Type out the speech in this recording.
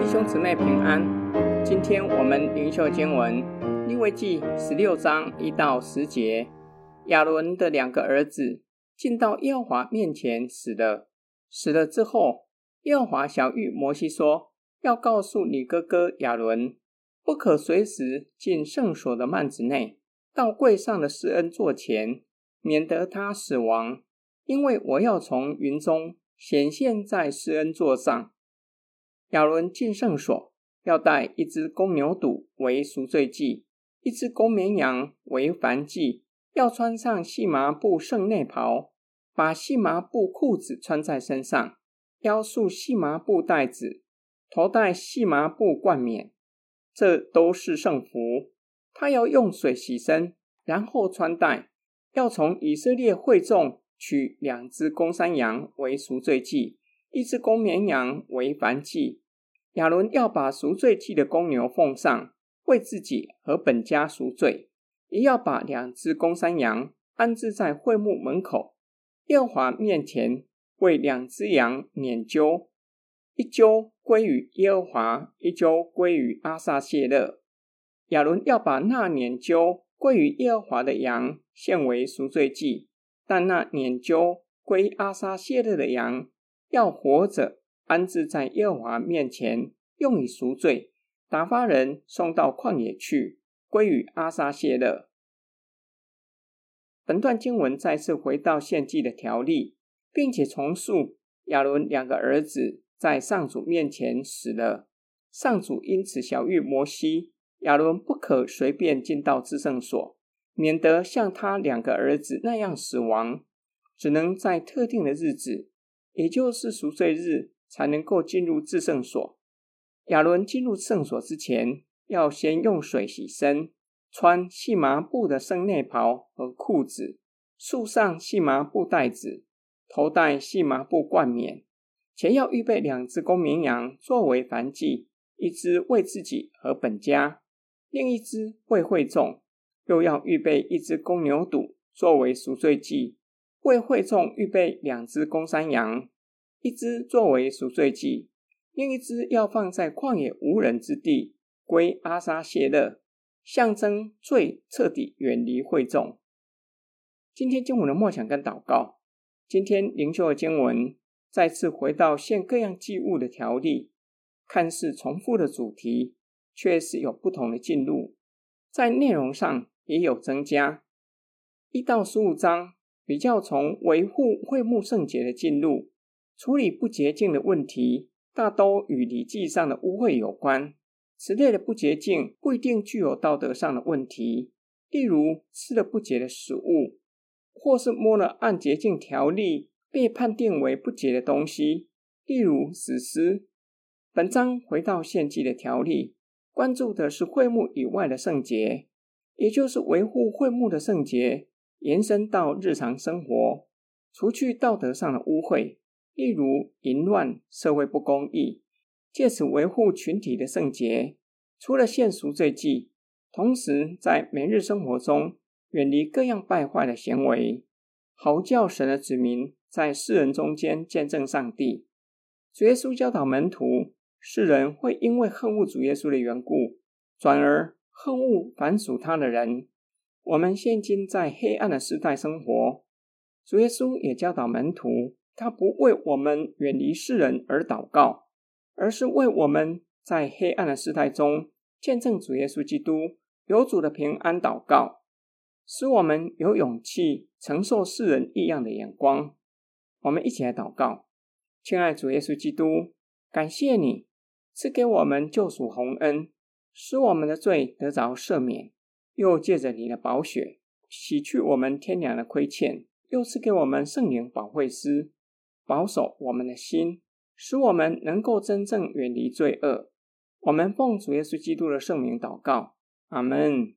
弟兄姊妹平安，今天我們靈修經文，利未記十六章一到十節。亞倫的兩個兒子進到耶和華面前死了，死了之後，耶和華曉諭摩西說：“要告訴你哥哥亞倫，不可隨時進聖所的幔子內，到櫃上的施恩座前，免得他死亡。”因為我要從雲中顯現在施恩座上。亞倫進聖所，要帶一隻公牛犢為贖罪祭，一隻公綿羊為燔祭。要穿上細麻布聖內袍，把細麻布褲子穿在身上，腰束細麻布帶子，頭戴細麻布冠冕。這都是聖服。他要用水洗身，然後穿戴。要從以色列會眾。取兩隻公山羊為贖罪祭，一隻公綿羊為燔祭。亞倫要把贖罪祭的公牛奉上，為自己和本家贖罪；也要把兩隻公山羊安置在會幕門口，耶和華面前為兩隻羊拈鬮，一鬮歸於耶和華，一鬮歸於阿撒瀉勒。亞倫要把那拈鬮歸於耶和華的羊獻為贖罪祭。但那拈鬮歸阿撒謝勒的羊，要活着安置在耶和華面前，用以贖罪，打發人送到曠野去，歸於阿撒謝勒。本段經文再次回到獻祭的條例，並且重述亞倫兩個兒子在上主面前死了，上主因此曉諭摩西，亞倫不可隨便進到至聖所。免得像他兩個兒子那樣死亡，只能在特定的日子，也就是贖罪日，才能夠進入至聖所。亞倫進入聖所之前，要先用水洗身，穿細麻布的聖內袍和褲子，束上細麻布帶子，頭戴細麻布冠冕，且要預備兩隻公綿羊作為燔祭，一隻為自己和本家，另一隻為會眾。又要預備一隻公牛犢作為贖罪祭，為會眾預備兩隻公山羊，一隻作為贖罪祭，另一隻要放在曠野無人之地，歸阿撒瀉勒，象徵罪徹底遠離會眾。今天經文的默想跟禱告，今天靈修的經文再次回到獻各樣祭物的條例，看似重複的主題，却是有不同的進路，在內容上。也有增加。一到十五章比較從維護會幕聖潔的進路，處理不潔淨的問題，大都與禮祭上的污穢有關。此類的不潔淨不一定具有道德上的問題，例如吃了不潔的食物，或是摸了按潔淨條例被判定為不潔的東西，例如死屍。本章回到獻祭的條例，關注的是會幕以外的聖潔。也就是維護會幕的聖潔，延伸到日常生活，除去道德上的污穢，例如淫亂、社會不公義，借此維護群體的聖潔。除了獻贖罪祭，同時在每日生活中遠離各樣敗壞的行為，好叫神的子民在世人中間見證上帝。主耶穌教導門徒，世人會因為恨惡主耶穌的緣故，轉而。恨惡凡屬他的人。我們現今在黑暗的世代生活，主耶穌也教導門徒，他不為我們遠離世人而禱告，而是為我們在黑暗的世代中見證主耶穌基督，有主的平安禱告，使我們有勇氣承受世人異樣的眼光。我們一起來禱告，親愛的主耶穌基督，感謝你賜給我們救贖宏恩。使我們的罪得着赦免，又借着你的寶血洗去我們天良的虧欠，又賜給我們聖靈保惠師，保守我們的心，使我們能夠真正遠離罪惡。我們奉主耶穌基督的聖名禱告，阿門。